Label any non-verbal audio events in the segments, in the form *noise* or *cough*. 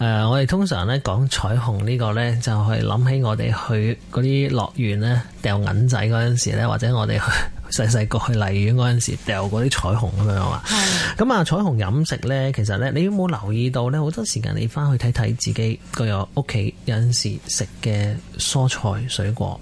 誒、呃，我哋通常咧講彩虹呢個呢，就係諗起我哋去嗰啲樂園咧，掉銀仔嗰陣時咧，或者我哋去細細個去荔園嗰陣時，掉嗰啲彩虹咁樣啊。咁啊、 *laughs* 嗯，彩虹飲食呢，其實呢，你有冇留意到呢？好多時間你返去睇睇自己個有屋企有陣時食嘅蔬菜水果。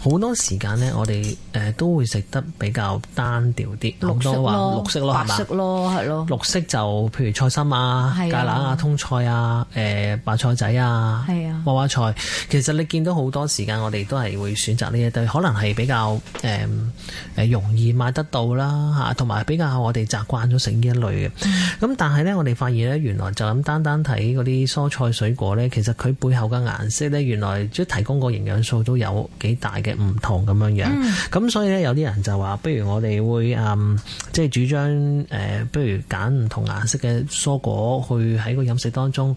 好多時間呢，我哋誒都會食得比較單調啲，好多話綠色咯，係嘛？色咯，係咯。綠色就譬如菜心啊、是啊芥蘭啊、通菜啊、誒白菜仔啊、娃娃是、啊、菜。其實你見到好多時間，我哋都係會選擇呢一堆，可能係比較誒誒、嗯、容易買得到啦，吓，同埋比較我哋習慣咗食呢一類嘅。咁是、啊、但係呢，我哋發現呢，原來就咁單單睇嗰啲蔬菜水果呢，其實佢背後嘅顏色呢，原來即提供個營養素都有幾大嘅唔同，咁樣樣，咁、嗯、所以咧有啲人就話，不如我哋會誒即係主張誒、呃，不如揀唔同顏色嘅蔬果去喺個飲食當中誒、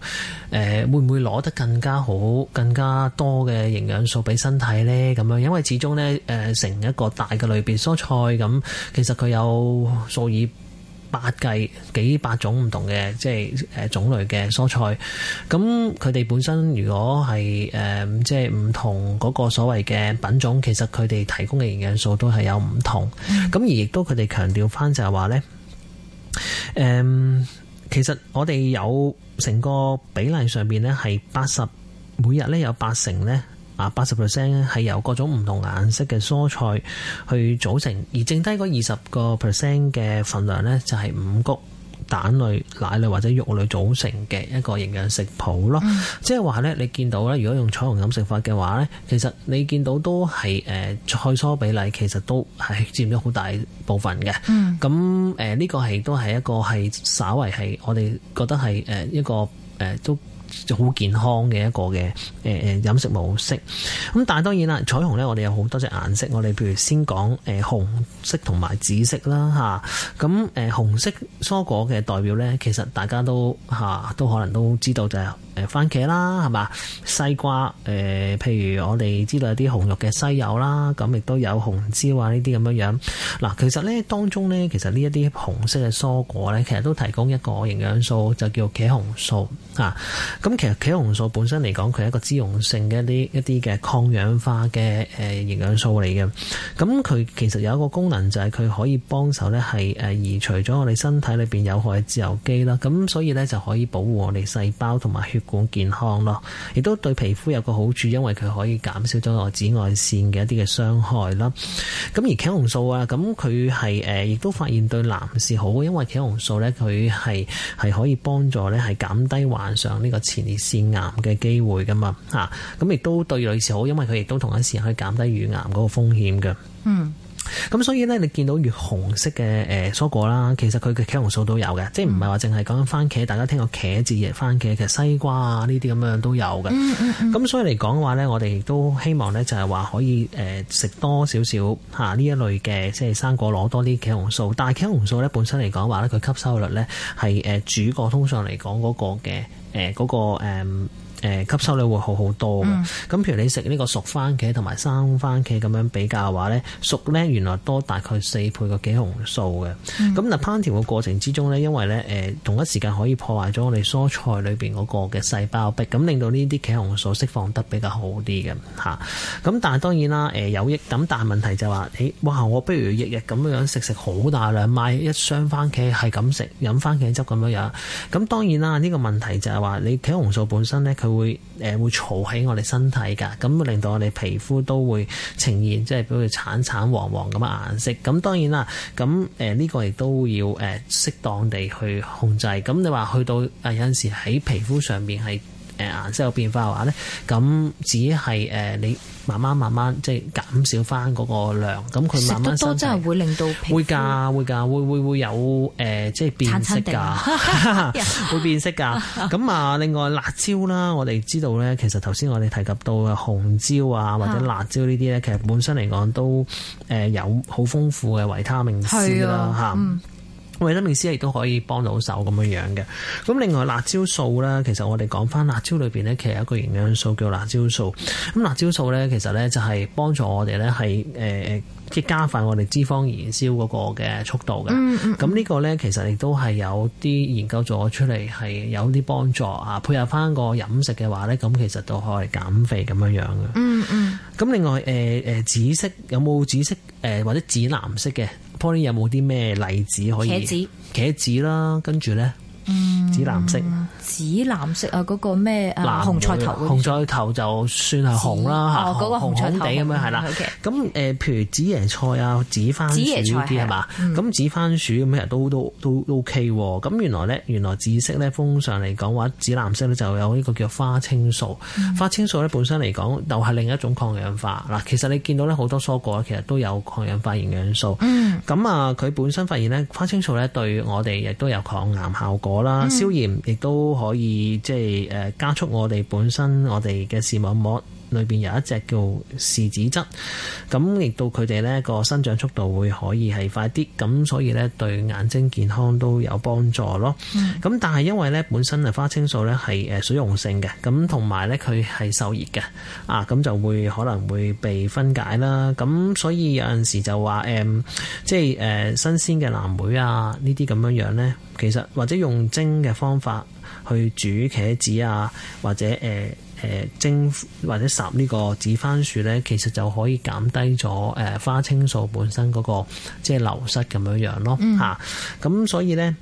呃，會唔會攞得更加好、更加多嘅營養素俾身體呢？咁樣，因為始終呢，誒、呃、成一個大嘅類別蔬菜咁，其實佢有數以百計幾百種唔同嘅即係誒種類嘅蔬菜，咁佢哋本身如果係誒即係唔同嗰個所謂嘅品種，其實佢哋提供嘅營養素都係有唔同，咁、嗯、而亦都佢哋強調返就係話呢，誒其實我哋有成個比例上面呢係八十，每日呢有八成呢。啊，八十 percent 咧係由各種唔同顏色嘅蔬菜去組成，而剩低嗰二十個 percent 嘅份量咧就係五穀、蛋類、奶類或者肉類組成嘅一個營養食譜咯。即係話咧，你見到咧，如果用彩虹飲食法嘅話咧，其實你見到都係誒、呃、菜蔬比例其實都係佔咗好大部分嘅。嗯。咁誒呢個係都係一個係稍為係我哋覺得係誒一個誒、呃、都。就好健康嘅一個嘅誒誒飲食模式，咁但係當然啦，彩虹咧我哋有好多隻顏色，我哋譬如先講誒、呃、紅色同埋紫色啦吓，咁、啊、誒、嗯呃、紅色蔬果嘅代表咧，其實大家都吓、啊、都可能都知道就係誒番茄啦，係嘛西瓜誒、呃，譬如我哋知道有啲紅肉嘅西柚啦，咁亦都有紅椒啊呢啲咁樣樣。嗱，其實咧當中咧，其實呢一啲紅色嘅蔬果咧，其實都提供一個營養素就叫茄紅素啊。咁其實茄紅素本身嚟講，佢係一個脂溶性嘅一啲一啲嘅抗氧化嘅誒營養素嚟嘅。咁佢其實有一個功能就係、是、佢可以幫手咧係誒移除咗我哋身體裏邊有害嘅自由基啦。咁所以咧就可以保護我哋細胞同埋血管健康咯。亦都對皮膚有個好處，因為佢可以減少咗紫外線嘅一啲嘅傷害啦。咁而茄紅素啊，咁佢係誒亦都發現對男士好，因為茄紅素咧佢係係可以幫助咧係減低患上呢、這個。前列腺癌嘅機會㗎嘛，吓，咁亦都對女士好，因為佢亦都同一時間可以減低乳癌嗰個風險嘅。嗯。咁所以咧，你見到越紅色嘅誒蔬果啦，其實佢嘅茄紅素都有嘅，即係唔係話淨係講緊番茄。大家聽過茄子嘅番茄嘅西瓜啊，呢啲咁樣都有嘅。咁 *laughs* 所以嚟講嘅話咧，我哋亦都希望咧就係話可以誒食多少少嚇呢一類嘅，即係生果攞多啲茄紅素。但係茄紅素咧本身嚟講話咧，佢吸收率咧係誒主角通常嚟講嗰個嘅誒嗰個、那個嗯誒吸收率會好好多嘅，咁、嗯、譬如你食呢個熟番茄同埋生番茄咁樣比較嘅話咧，熟咧原來多大概四倍嘅茄紅素嘅。咁嗱、嗯、烹調嘅過程之中咧，因為咧誒同一時間可以破壞咗我哋蔬菜裏邊嗰個嘅細胞壁，咁令到呢啲茄紅素釋放得比較好啲嘅嚇。咁、嗯、但係當然啦，誒有益。咁但係問題就話、是，誒哇我不如日日咁樣樣食食好大量買一箱番茄係咁食，飲番茄汁咁樣樣。咁、嗯、當然啦，呢、這個問題就係話你茄紅素本身咧佢。會誒會嘈喺我哋身體㗎，咁會令到我哋皮膚都會呈現，即係比佢橙橙黃黃咁嘅顏色，咁當然啦，咁誒呢個亦都要誒適當地去控制。咁你話去到誒有陣時喺皮膚上邊係。誒，顏、嗯、色有變化嘅話咧，咁只係誒你慢慢慢慢即係減少翻嗰個量，咁佢慢慢收細。食得多真係會令到會噶會噶會會會有誒、呃、即係變色噶，餐餐 *laughs* 會變色噶。咁啊、 *laughs* 嗯，另外辣椒啦，我哋知道咧，其實頭先我哋提及到嘅紅椒啊或者辣椒呢啲咧，其實本身嚟講都誒有好豐富嘅維他命 C 啦吓。嗯維他命 C 亦都可以幫到手，咁樣樣嘅。咁另外辣椒素咧，其實我哋講返辣椒裏邊咧，其實有一個營養素叫辣椒素，咁辣椒素咧，其實咧就係幫助我哋咧係誒誒。呃即加快我哋脂肪燃燒嗰個嘅速度嘅，咁呢個咧其實亦都係有啲研究咗出嚟係有啲幫助啊！配合翻個飲食嘅話咧，咁其實都可以減肥咁樣樣嘅、嗯。嗯嗯。咁另外誒誒、呃、紫色有冇紫色誒、呃、或者紫藍色嘅？Poly 有冇啲咩例子可以？茄子。茄子啦，跟住咧。嗯，紫藍色，紫藍色啊！嗰個咩啊？紅菜頭，紅菜頭就算係紅啦吓，紅紅咁樣係啦。咁誒，譬如紫椰菜啊、紫番薯啲係嘛？咁紫番薯咁樣都都都都 OK。咁原來咧，原來紫色咧，通常嚟講話，紫藍色咧就有呢個叫花青素。花青素咧本身嚟講，又係另一種抗氧化。嗱，其實你見到咧好多蔬果，其實都有抗氧化營養素。咁啊，佢本身發現咧，花青素咧對我哋亦都有抗癌效果。我啦，消炎亦都可以，即係誒、呃，加速我哋本身我哋嘅視網膜。裏邊有一隻叫視紫質，咁亦到佢哋呢個生長速度會可以係快啲，咁所以呢對眼睛健康都有幫助咯。咁、嗯、但係因為呢本身誒花青素呢係誒水溶性嘅，咁同埋呢佢係受熱嘅啊，咁就會可能會被分解啦。咁所以有陣時就話誒、呃，即係誒、呃、新鮮嘅藍莓啊呢啲咁樣樣呢，其實或者用蒸嘅方法去煮茄子啊，或者誒。呃誒蒸或者烚呢個紫番薯咧，其實就可以減低咗誒、呃、花青素本身嗰、那個即係流失咁樣樣咯嚇。咁、嗯啊、所以咧，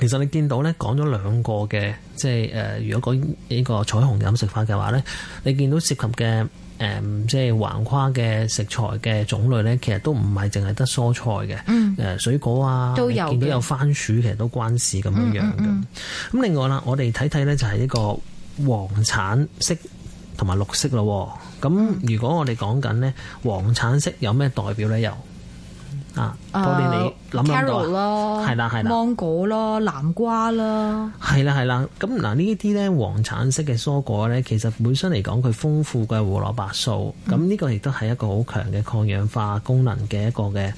其實你見到咧講咗兩個嘅即係誒、呃，如果講呢個彩虹飲食法嘅話咧，你見到涉及嘅誒、呃、即係橫跨嘅食材嘅種類咧，其實都唔係淨係得蔬菜嘅，誒、嗯呃、水果啊，都有見到有番薯其實都關事咁樣樣嘅。咁另外啦，我哋睇睇咧就係呢個。黃橙色同埋綠色咯，咁如果我哋講緊呢，黃橙色有咩代表呢又？啊，多啲、啊、你諗下咯，係啦係啦，芒果啦，南瓜啦，係啦係啦。咁嗱，呢啲咧黃橙色嘅蔬果咧，其實本身嚟講佢豐富嘅胡蘿蔔素，咁呢、嗯、個亦都係一個好強嘅抗氧化功能嘅一個嘅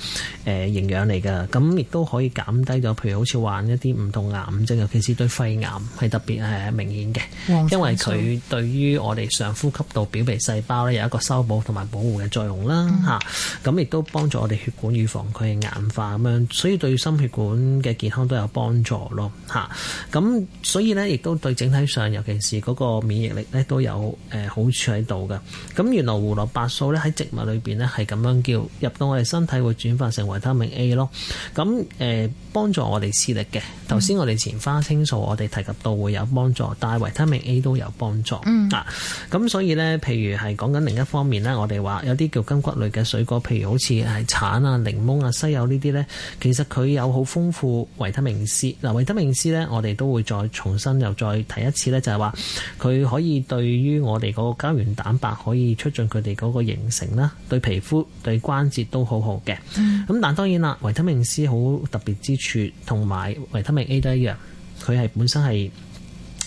誒營養嚟噶。咁亦都可以減低咗，譬如好似患一啲唔同癌症，尤其是對肺癌係特別係明顯嘅，因爲佢對於我哋上呼吸道表皮細胞咧有一個修補同埋保護嘅作用啦，吓、嗯。咁亦、啊、都幫助我哋血管預防。佢係硬化咁樣，所以對心血管嘅健康都有幫助咯，吓、咁所以咧，亦都對整體上，尤其是嗰個免疫力咧，都有誒好處喺度嘅。咁原來胡蘿蔔素咧喺植物裏邊咧係咁樣叫入到我哋身體會轉化成維他命 A 咯，咁誒幫助我哋視力嘅。頭先我哋前花青素我哋提及到會有幫助，但係維他命 A 都有幫助，啊，咁所以咧，譬如係講緊另一方面咧，我哋話有啲叫柑橘類嘅水果，譬如好似係橙啊、檸檬。西柚呢啲呢，其實佢有好豐富維他命 C。嗱，維他命 C 呢，我哋都會再重新又再提一次呢，就係話佢可以對於我哋嗰個膠原蛋白可以促進佢哋嗰個形成啦，對皮膚、對關節都好好嘅。咁、嗯、但當然啦，維他命 C 好特別之處，同埋維他命 A 都一樣，佢係本身係。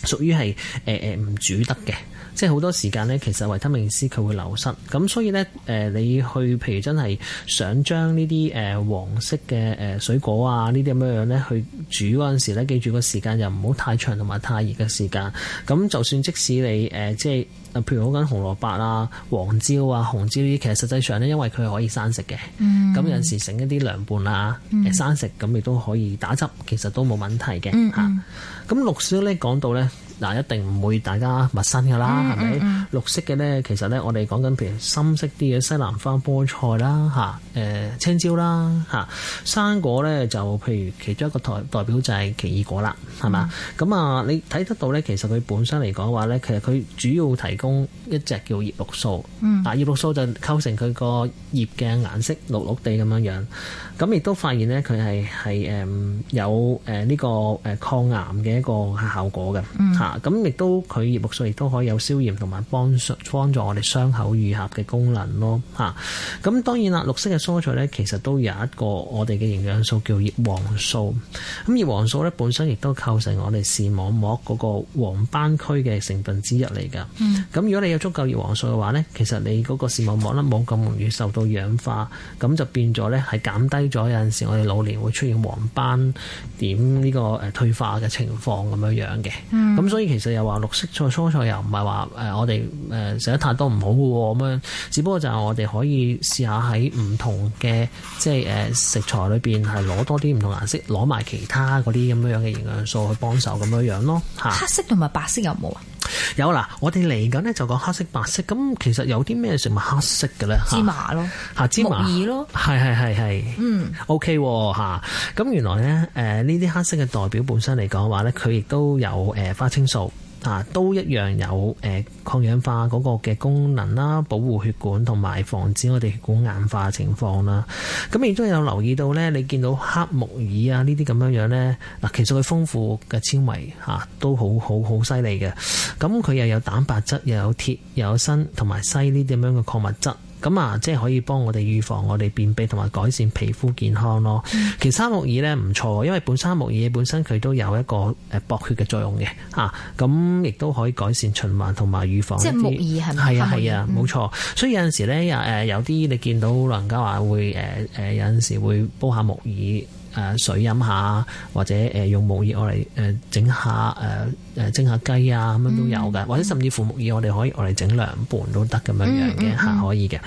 屬於係誒誒唔煮得嘅，即係好多時間咧，其實維他命 C 佢會流失，咁所以咧誒、呃，你去譬如真係想將呢啲誒黃色嘅誒水果啊，呢啲咁樣樣咧去煮嗰陣時咧，記住個時間又唔好太長同埋太熱嘅時間，咁就算即使你誒、呃、即係。譬如好緊紅蘿蔔啊、黃椒啊、紅椒呢啲，其實實際上咧，因為佢係可以生食嘅，咁、嗯、有陣時整一啲涼拌啊，嗯、生食咁亦都可以打汁，其實都冇問題嘅嚇。咁陸叔咧講到咧。嗱，一定唔會大家陌生㗎啦，係咪、嗯？吧綠色嘅呢，其實呢，我哋講緊譬如深色啲嘅西蘭花、菠菜啦，嚇、啊，誒、呃、青椒啦，嚇、啊，生果呢，就譬如其中一個代代表就係奇異果啦，係嘛？咁啊、嗯，你睇得到呢，其實佢本身嚟講話呢，其實佢主要提供一隻叫葉綠素，嗯，啊葉綠素就構成佢個葉嘅顏色綠綠地咁樣樣，咁亦都發現呢，佢係係誒有誒呢個誒抗癌嘅一個效果嘅，咁亦都佢葉綠素亦都可以有消炎同埋幫幫助我哋傷口愈合嘅功能咯嚇。咁、啊、當然啦，綠色嘅蔬菜咧，其實都有一個我哋嘅營養素叫葉黃素。咁葉黃素咧本身亦都構成我哋視網膜嗰個黃斑區嘅成分之一嚟㗎。咁、嗯、如果你有足夠葉黃素嘅話咧，其實你嗰個視網膜咧冇咁容易受到氧化，咁就變咗咧係減低咗有陣時我哋老年會出現黃斑點呢個誒退化嘅情況咁樣樣嘅。咁、嗯嗯所以其實又話綠色菜、蔬菜又唔係話誒，我哋誒食得太多唔好嘅咁樣，只不過就係我哋可以試下喺唔同嘅即係誒、呃、食材裏邊係攞多啲唔同顏色，攞埋其他嗰啲咁樣樣嘅營養素去幫手咁樣樣咯吓。黑色同埋白色有冇啊？有啦，我哋嚟緊咧就講黑色、白色，咁其實有啲咩食物黑色嘅咧？芝麻咯，吓芝麻、木耳咯，係係係係，嗯，OK，吓，咁原來咧，誒呢啲黑色嘅代表本身嚟講話咧，佢亦都有誒、呃、花青素。啊，都一樣有誒、呃、抗氧化嗰個嘅功能啦，保護血管同埋防止我哋血管硬化嘅情況啦。咁、啊、亦都有留意到呢，你見到黑木耳啊呢啲咁樣樣呢，嗱、啊、其實佢豐富嘅纖維嚇、啊、都好好好犀利嘅。咁佢、啊、又有蛋白質，又有鐵，又有鋅，同埋硒呢啲咁樣嘅礦物質。咁啊，即係可以幫我哋預防我哋便秘同埋改善皮膚健康咯。嗯、其實三木耳咧唔錯，因為本三木耳本身佢都有一個誒薄血嘅作用嘅吓，咁、啊、亦都可以改善循環同埋預防。即係木耳係咪？係啊係啊，冇錯、啊嗯。所以有陣時咧，誒有啲你見到老人家話會誒誒有陣時會煲下木耳，誒水飲下，或者誒用木耳我嚟誒整下誒誒蒸下雞啊，咁樣都有嘅。或者甚至乎木耳我哋可以我嚟整涼拌都得，咁樣樣嘅嚇，可以嘅。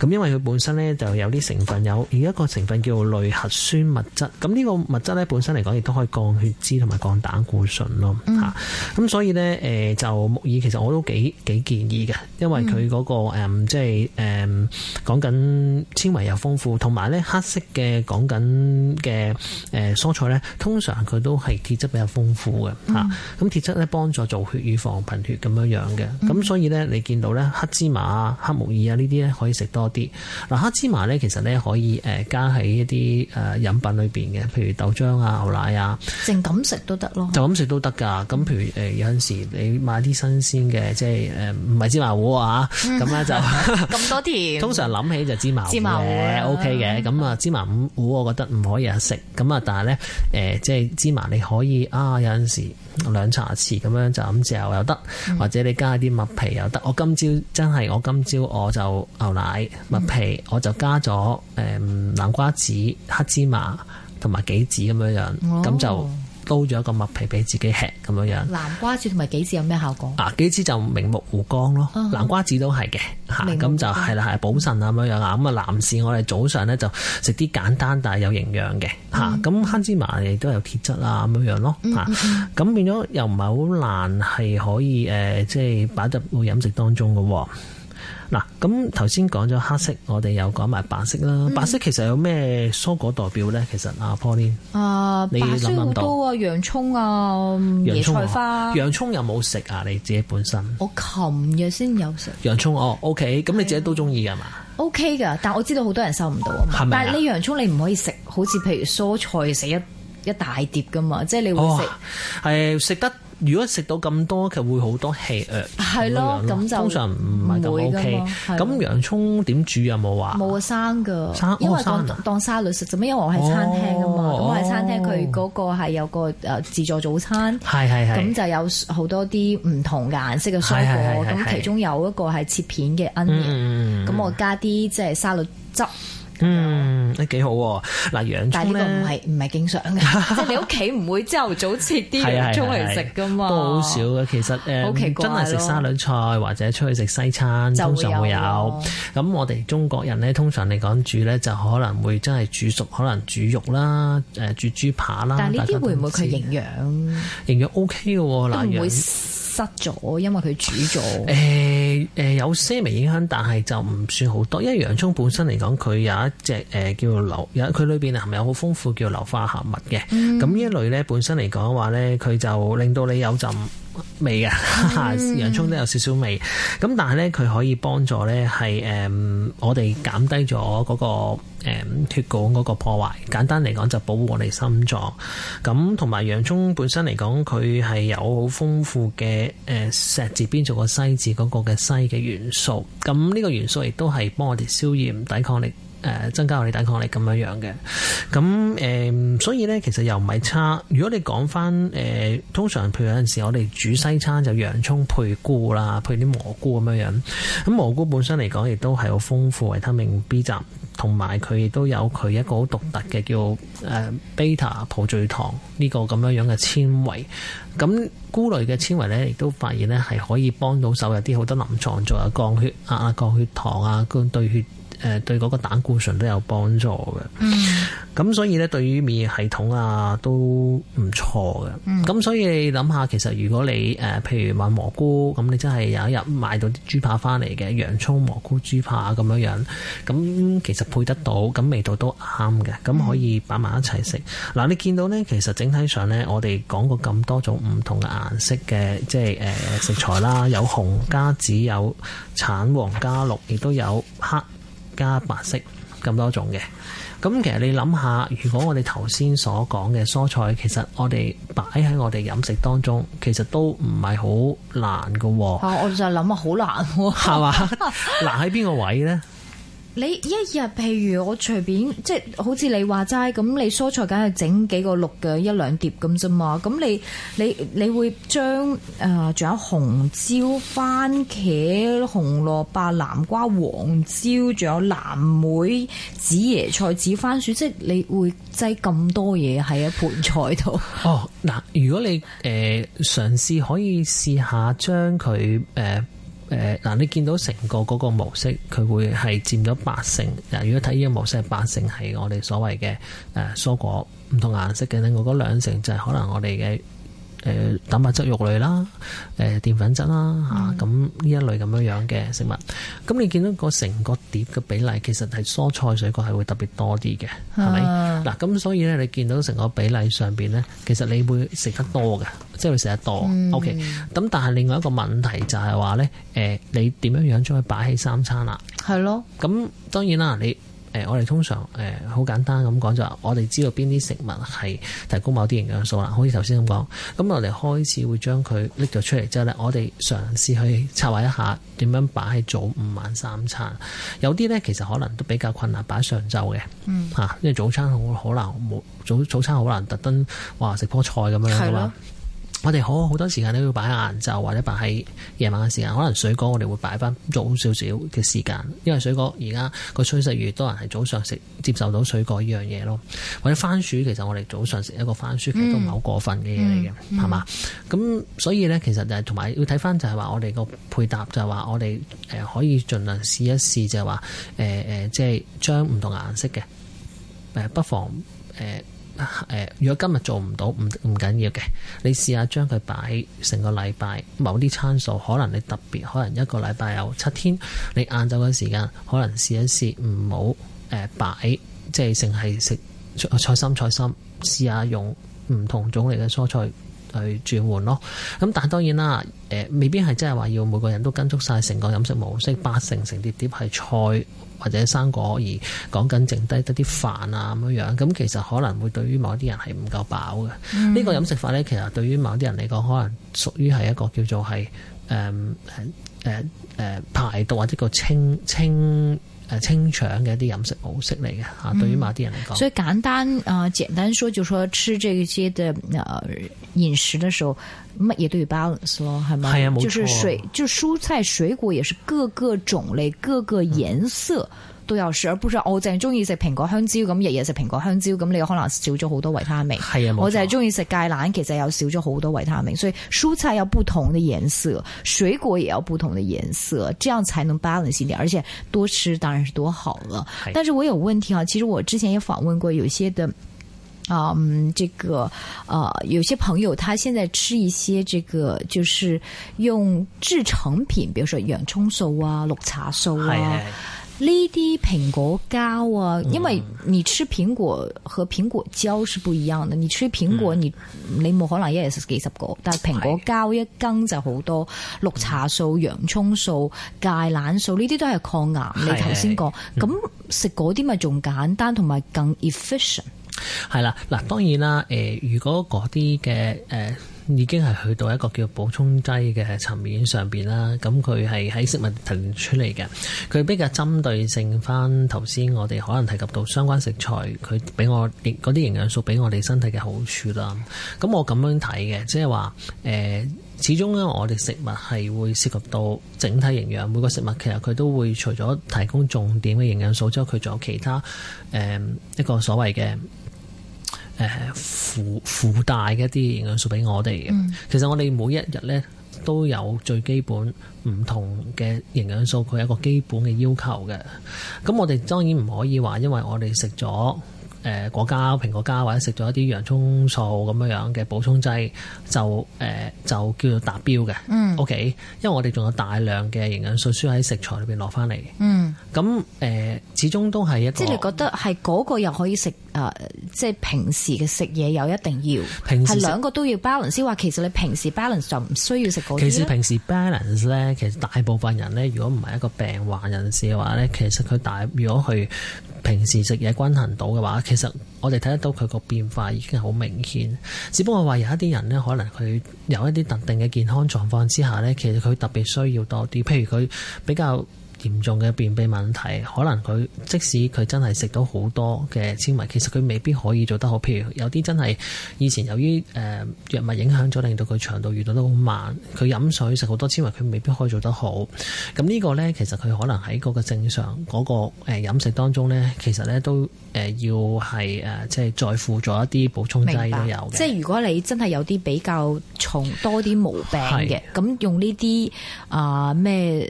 咁因為佢本身咧就有啲成分，有而一個成分叫做類核酸物質。咁呢個物質咧本身嚟講亦都可以降血脂同埋降膽固醇咯嚇。咁所以咧誒就木耳其實我都幾幾建議嘅，因為佢嗰個即係誒講緊纖維又豐富，同埋咧黑色嘅講緊嘅。誒，蔬菜咧，通常佢都係鐵質比較豐富嘅，吓咁鐵質咧幫助做血預防貧血咁樣樣嘅，咁、嗯、所以咧你見到咧黑芝麻啊、黑木耳啊呢啲咧可以食多啲。嗱，黑芝麻咧其實咧可以誒加喺一啲誒飲品裏邊嘅，譬如豆漿啊、牛奶啊，淨咁食都得咯，就咁食都得噶咁、嗯、譬如誒有陣時你買啲新鮮嘅，即係誒唔係芝麻糊啊，咁咧就咁多啲。通常諗起就芝麻芝麻糊 OK 嘅，咁啊芝麻糊我覺得唔可以食。咁啊！但係咧，誒、呃，即係芝麻你可以啊，有陣時兩茶匙咁樣就咁嚼又得，嗯、或者你加啲麥皮又得。我今朝真係我今朝我就牛奶麥皮，嗯、我就加咗誒、呃、南瓜子、黑芝麻同埋杞子咁樣樣，咁、哦、就。刀咗一個麥皮俾自己吃咁樣樣，南瓜子同埋杞子有咩效果？啊，杞子就明目護肝咯，啊、南瓜子都係嘅，吓，咁就係啦，係補腎啊咁樣樣啊。咁啊，男士我哋早上咧就食啲簡單但係有營養嘅，吓咁黑芝麻亦都有鐵質啊咁樣樣咯，吓咁，嗯嗯啊、變咗又唔係好難，係可以誒、呃，即係擺入到飲食當中嘅。嗱，咁頭先講咗黑色，我哋又講埋白色啦。嗯、白色其實有咩蔬果代表咧？其實阿 Pauline 啊，白色好多啊，洋蔥啊，椰菜花，啊洋蔥哦。洋蔥有冇食啊？你自己本身？我琴日先有食。洋蔥哦，OK，咁、啊、你自己都中意噶嘛？OK 噶，但我知道好多人收唔到是是啊嘛。但係你洋蔥你唔可以食，好似譬如蔬菜食一一大碟噶嘛，即係你會食，係食得。哦如果食到咁多，其實會好多氣誒，係咯，咁就通常唔係咁 OK。咁洋葱點煮有冇話？冇啊，生噶，因為當當沙律食，做咩？因為我喺餐廳啊嘛，咁我喺餐廳佢嗰個係有個誒自助早餐，係係係，咁就有好多啲唔同嘅顏色嘅蔬果，咁其中有一個係切片嘅 onion 咁我加啲即係沙律汁。嗯，都幾好。嗱，洋蔥，但係呢個唔係唔係經常嘅， *laughs* 即係你屋企唔會朝頭早切啲洋蔥嚟食噶嘛。都好少嘅，其實誒，嗯，好奇真係食沙律菜或者出去食西餐，通常會有。咁我哋中國人咧，通常嚟講煮咧，就可能會真係煮熟，可能煮肉啦，誒，煮豬扒啦。但係呢啲會唔會佢營養？營養 OK 嘅，嗱。失咗，因為佢煮咗、呃。誒、呃、誒，有些微影響，但係就唔算好多。因為洋葱本身嚟講，佢有一隻誒、呃、叫做硫，佢裏邊係咪有好豐富叫硫化合物嘅？咁呢、嗯、一類咧，本身嚟講嘅話咧，佢就令到你有浸味啊，哈哈，洋蔥都有少少味，咁但係咧，佢可以幫助咧，係誒我哋減低咗嗰個誒血管嗰個破壞。簡單嚟講，就保護我哋心臟。咁同埋洋蔥本身嚟講，佢係有好豐富嘅誒石字邊做個西字嗰個嘅硒嘅元素。咁呢個元素亦都係幫我哋消炎、抵抗力。誒增加我哋抵抗力咁樣樣嘅，咁、嗯、誒所以咧，其實又唔係差。如果你講翻誒，通常譬如有陣時我哋煮西餐就洋葱配菇啦，配啲蘑菇咁樣樣。咁蘑菇本身嚟講，亦都係好豐富維他命 B 雜同埋佢亦都有佢一個好獨特嘅叫誒 beta 葡聚糖呢、這個咁樣樣嘅纖維。咁菇類嘅纖維咧，亦都發現咧係可以幫到手有啲好多臨床作用，有降血壓啊、降血糖啊、降對血。誒對嗰個膽固醇都有幫助嘅，咁、嗯、所以咧，對於免疫系統啊都唔錯嘅。咁、嗯、所以你諗下，其實如果你誒、呃，譬如買蘑菇，咁你真係有一日買到啲豬扒翻嚟嘅，洋葱、蘑菇、豬扒咁樣樣，咁其實配得到，咁味道都啱嘅，咁可以擺埋一齊食嗱。你見到呢，其實整體上呢，我哋講過咁多種唔同嘅顏色嘅，即係誒、呃、食材啦，有紅加紫，有橙黃加綠，亦都有黑，加白色咁多種嘅，咁其實你諗下，如果我哋頭先所講嘅蔬菜，其實我哋擺喺我哋飲食當中，其實都唔係好難噶。啊，我就諗啊，好難係嘛？難喺邊個位呢？你一日譬如我隨便即係好似你話齋咁，你蔬菜梗係整幾個綠嘅一兩碟咁啫嘛。咁你你你會將誒仲、呃、有紅椒、番茄、紅蘿蔔、南瓜、黃椒，仲有藍莓、紫椰菜、紫番薯，即係你會擠咁多嘢喺一盤菜度。哦，嗱，如果你誒、呃、嘗試可以試下將佢誒。呃誒嗱、呃，你見到成個嗰個模式，佢會係佔咗八成。嗱，如果睇呢個模式，八成係我哋所謂嘅誒蔬果唔同顏色嘅咧，另外兩成就係可能我哋嘅。誒，蛋白質肉類啦，誒、呃、澱粉質啦嚇，咁、啊、呢一類咁樣樣嘅食物，咁、嗯、你見到個成個碟嘅比例其實係蔬菜水果係會特別多啲嘅，係咪？嗱，咁啊、所以咧，你見到成個比例上邊咧，其實你會食得多嘅，即係會食得多。OK，咁但係另外一個問題就係話咧，誒、呃、你點樣樣將佢擺喺三餐啦？係是咯，咁當然啦，你。誒、呃，我哋通常誒好、呃、簡單咁講就話，我哋知道邊啲食物係提供某啲營養素啦。好似頭先咁講，咁我哋開始會將佢拎咗出嚟之後咧，就是、我哋嘗試去策劃一下點樣擺喺早午晚三餐。有啲咧其實可能都比較困難擺上晝嘅，嚇、嗯，因為早餐好可能冇早早餐好難特登話食棵菜咁樣咯。嗯嗯我哋好好多時間都要擺喺晏晝或者擺喺夜晚嘅時間，可能水果我哋會擺翻早少少嘅時間，因為水果而家個趨勢越多人係早上食接受到水果呢樣嘢咯，或者番薯其實我哋早上食一個番薯其實都唔係好過分嘅嘢嚟嘅，係嘛？咁所以咧，其實就係同埋要睇翻就係話我哋個配搭就係話我哋誒可以盡量試一試就係話誒誒，即係將唔同顏色嘅誒、呃，不妨誒。呃如果今日做唔到，唔唔緊要嘅，你試下將佢擺成個禮拜，某啲餐數可能你特別，可能一個禮拜有七天，你晏晝嘅時間可能試一試，唔好誒擺，即係淨係食菜心菜心，試下用唔同種類嘅蔬菜。去轉換咯，咁但係當然啦，誒、呃、未必係真係話要每個人都跟足晒成個飲食模式，嗯、八成成碟碟係菜或者生果，而講緊剩低得啲飯啊，咁樣樣，咁其實可能會對於某啲人係唔夠飽嘅。呢、嗯、個飲食法呢，其實對於某啲人嚟講，可能屬於係一個叫做係誒誒誒排毒或者個清清。清誒，清腸嘅一啲飲食模式嚟嘅嚇，嗯、對於某啲人嚟講，所以簡單啊、呃，簡單說，就說，就說吃這些嘅誒飲食嘅時候，乜嘢都要 balance 咯，係嘛？係啊，冇錯。就係水，就蔬菜、水果，也是各個種類、各個顏色。嗯都要食，而不是我淨係中意食蘋果香蕉咁，日日食蘋果香蕉咁，你可能少咗好多維他命。係啊，我淨係中意食芥蘭，蘭其實又少咗好多維他命。所以蔬菜要不同的顏色，水果也要不同的顏色，這樣才能 balance 啲。而且多吃，當然是多好了。對但是我有問題啊，其實我之前也訪問過有些的，啊，這個，啊，有些朋友他現在吃一些這個，就是用製成品，比如說洋葱素啊、綠茶素啊。呢啲蘋果膠啊，嗯、因為你吃蘋果和蘋果膠是不一樣的。你吃蘋果，嗯、你你冇可能一日食幾十個，但係蘋果膠一羹就好多。的綠茶素、洋蔥素、芥蘭素呢啲都係抗癌。的你頭先講，咁食嗰啲咪仲簡單，同埋更 efficient。係啦，嗱，當然啦，誒、呃，如果嗰啲嘅誒。呃已經係去到一個叫補充劑嘅層面上邊啦，咁佢係喺食物提煉出嚟嘅，佢比較針對性翻。頭先我哋可能提及到相關食材，佢俾我嗰啲營養素俾我哋身體嘅好處啦。咁我咁樣睇嘅，即係話誒，始終呢，我哋食物係會涉及到整體營養，每個食物其實佢都會除咗提供重點嘅營養素之外，佢仲有其他誒、呃、一個所謂嘅。誒附附帶嘅一啲營養素俾我哋嘅，嗯、其實我哋每一日咧都有最基本唔同嘅營養素，佢係一個基本嘅要求嘅。咁我哋當然唔可以話，因為我哋食咗誒果膠、蘋果膠或者食咗一啲洋葱素咁樣樣嘅補充劑，就誒、呃、就叫做達標嘅。嗯，OK，因為我哋仲有大量嘅營養素需要喺食材裏邊攞翻嚟嘅。嗯，咁誒、呃，始終都係一個。即係你覺得係嗰個又可以食。啊，uh, 即係平時嘅食嘢有一定要，平時兩個都要 balance。先話其實你平時 balance 就唔需要食嗰，其實平時 balance 咧，其實大部分人咧，如果唔係一個病患人士嘅話咧，其實佢大如果佢平時食嘢均衡到嘅話，其實我哋睇得到佢個變化已經係好明顯。只不過話有一啲人咧，可能佢有一啲特定嘅健康狀況之下咧，其實佢特別需要多啲，譬如佢比較。嚴重嘅便秘問題，可能佢即使佢真係食到好多嘅纖維，其實佢未必可以做得好。譬如有啲真係以前由於誒藥物影響咗，令到佢腸道蠕動都好慢。佢飲水食好多纖維，佢未必可以做得好。咁呢個呢，其實佢可能喺嗰個正常嗰個誒飲食當中呢，其實呢都誒要係誒即係再輔助一啲補充劑都有嘅。即係如果你真係有啲比較重多啲毛病嘅，咁的用呢啲啊咩，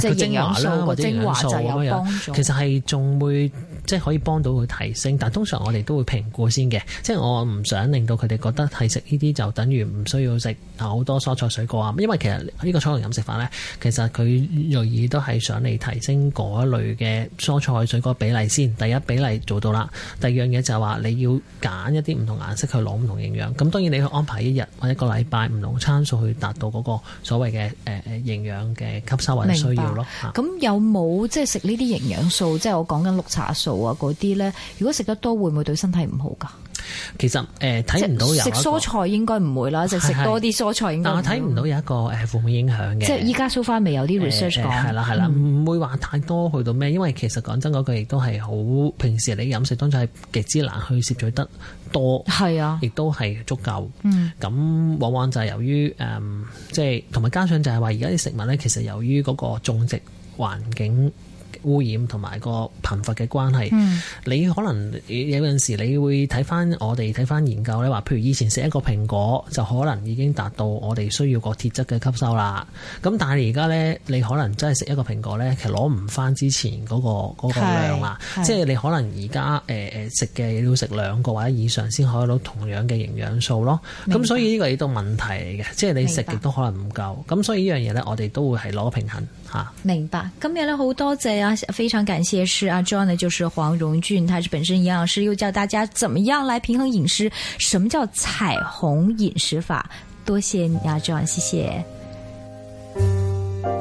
即係營養。或者素，素其實係仲會即係、就是、可以幫到佢提升。但通常我哋都會評估先嘅，即係我唔想令到佢哋覺得係食呢啲就等於唔需要食好多蔬菜水果啊。因為其實呢個彩虹飲食法呢，其實佢銳意都係想你提升嗰一類嘅蔬菜水果比例先。第一比例做到啦，第二樣嘢就係話你要揀一啲唔同顏色去攞唔同營養。咁當然你去安排一日或者一個禮拜唔同餐數去達到嗰個所謂嘅誒誒營養嘅吸收或者需要咯。明白、嗯有冇即係食呢啲營養素，即係我講緊綠茶素啊嗰啲咧？如果食得多，會唔會對身體唔好㗎？其實誒睇唔到有食蔬菜應該唔會啦，就食多啲蔬菜應該。但係睇唔到有一個誒負面影響嘅。即係依家 so far 未有啲 research 講係啦、呃、係啦，唔、嗯、會話太多去到咩，因為其實講真嗰句，亦都係好平時你飲食當中係極之難去攝取得多係是啊，亦都係足夠。嗯，咁往往就係由於誒、嗯、即係同埋加上就係話而家啲食物咧，其實由於嗰個種植。環境污染同埋個貧乏嘅關係，嗯、你可能有陣時，你會睇翻我哋睇翻研究咧，話譬如以前食一個蘋果就可能已經達到我哋需要個鐵質嘅吸收啦。咁但係而家咧，你可能真係食一個蘋果咧，其實攞唔翻之前嗰、嗰個嗰個量啦。是是即係你可能而家誒誒食嘅要食兩個或者以上先可以攞同樣嘅營養素咯。咁明白 所以呢個亦都問題嚟嘅，即係你食極都可能唔夠。咁明白 所以呢樣嘢咧，我哋都會係攞平衡。啊、明白，今天呢好多謝啊，非常感謝是阿 John 呢，就是黃榮俊，他是本身營養師，又教大家怎麼樣來平衡飲食，什麼叫彩虹飲食法，多謝你啊，John，謝謝。嗯